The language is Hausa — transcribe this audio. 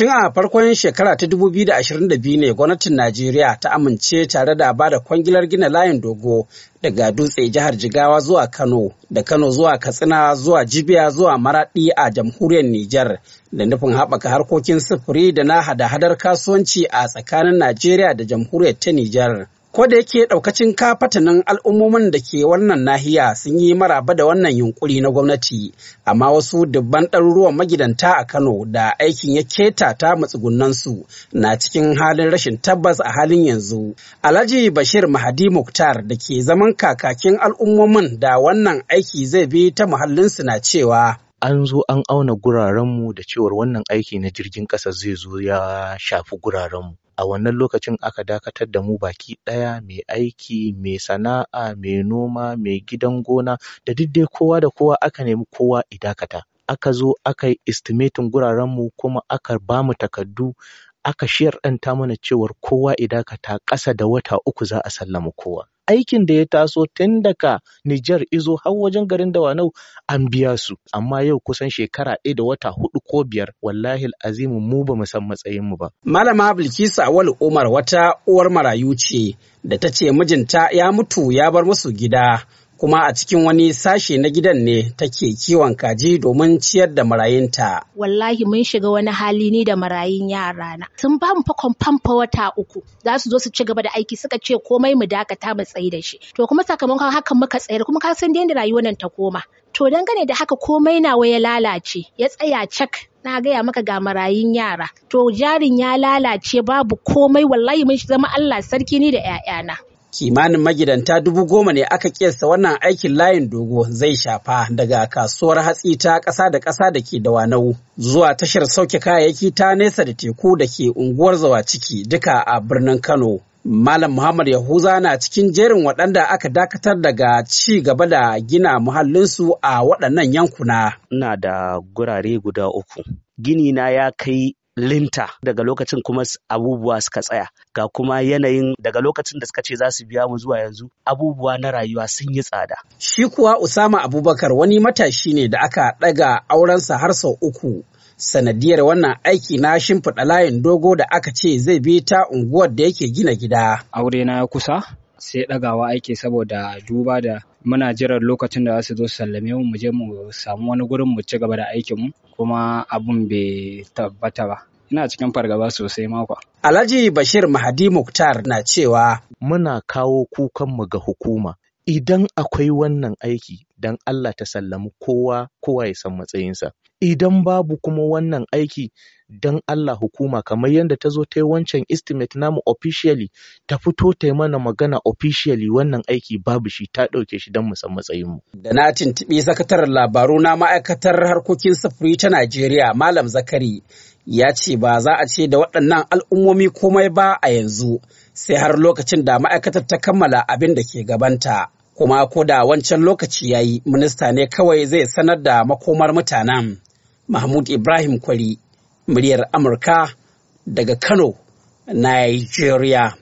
Tun a farkon shekara ta 2022 ne gwamnatin Najeriya ta amince tare da ba da kwangilar gina layin dogo daga dutse jihar Jigawa zuwa Kano, da Kano zuwa Katsina zuwa Jibiya zuwa Maradi a jamhuriyar Nijar, da nufin haɓaka harkokin sufuri da na hada-hadar kasuwanci a tsakanin Najeriya da jamhuriyar ta Nijar. Ko da yake ɗaukacin kafatanin al'ummomin da ke wannan nahiya sun yi maraba da wannan yunkuri na gwamnati, amma wasu dubban ɗaruruwan magidanta a Kano da aikin ya keta ta su, na cikin halin rashin tabbas a halin yanzu. Alhaji Bashir Mahadi Muktar da ke zaman kakakin al'ummomin da wannan aiki zai bi ta muhallinsu na cewa. an zo an auna gurarenmu da cewar wannan aiki na jirgin ƙasa zai zo ya shafi gurarenmu A wannan lokacin aka dakatar da mu baki ɗaya, mai aiki, mai sana'a, mai noma, mai gidan gona da duk dai kowa da kowa aka nemi kowa ya dakata. Aka zo aka yi estimating gurarenmu kuma aka ba mu takardu aka sharɗanta mana cewar kowa ya dakata ƙasa da wata uku za a sallami kowa. aikin da ya taso tun daga Nijar izo har wajen garin Dawanau an biya su amma yau kusan shekara ɗaya da wata hudu ko biyar wallahi azimu mu ba mu san matsayin mu ba. Malama Bilkisu Awal Umar wata uwar marayu ce da ta ce mijinta ya mutu ya bar musu gida kuma a cikin wani sashe na gidan ne take kiwon kaji domin ciyar da marayunta. Wallahi mun shiga wani hali ni da marayun yara na. Sun ba mu fakon famfa wata uku za su zo su ci gaba da aiki suka ce komai mu dakata mu tsayi da shi. To kuma sakamakon hakan muka tsayar kuma ka san da rayuwar nan ta koma. To dangane da haka komai na waya lalace ya tsaya cak na gaya maka ga marayun yara to jarin ya lalace babu komai wallahi mun zama Allah sarki ni da 'ya'yana. kimanin magidanta dubu goma ne aka ƙesa wannan aikin layin dogo zai shafa daga kasuwar hatsi ta ƙasa da ƙasa da ke da wanau zuwa tashar sauke kayayyaki ta nesa da teku da ke unguwar zawa ciki duka a birnin kano malam muhammad yahuza na cikin jerin waɗanda aka dakatar daga ci gaba da gina muhallinsu a waɗannan yankuna na da gurare guda uku gini na ya kai linta daga lokacin kuma abubuwa suka tsaya ga kuma yanayin daga lokacin da suka ce za su biya mu zuwa yanzu abubuwa na rayuwa sun yi tsada. Shi kuwa Usama Abubakar wani matashi ne da aka ɗaga aurensa har sau uku sanadiyar wannan aiki na shimfiɗa layin dogo da aka ce zai bi ta unguwar da yake gina gida. Aure na kusa sai ɗagawa aiki saboda duba da muna jiran lokacin da za su zo su sallame mu mu je mu samu wani gurin mu ci gaba da aikin mu kuma abun bai tabbata ba ina cikin fargaba sosai mako. Alhaji Bashir Mahadi Muktar na cewa muna kawo kukan mu ga hukuma idan akwai wannan aiki don Allah ta sallami kowa kowa ya san matsayinsa idan babu kuma wannan aiki don Allah hukuma kamar yadda ta zo ta yi wancan estimate namu officially ta fito ta yi mana magana officially wannan aiki babu shi ta ɗauke shi don mu san matsayinmu. Da na tuntuɓi sakataren labaru na ma'aikatar harkokin sufuri ta Najeriya Malam Zakari ya ce ba za a ce da waɗannan al'ummomi komai ba a yanzu sai har lokacin da ma'aikatar ta kammala abin da ke gabanta. kuma ko da wancan lokaci ya yi minista ne kawai zai sanar da makomar mutanen mahmud ibrahim kwari muryar amurka daga kano nigeria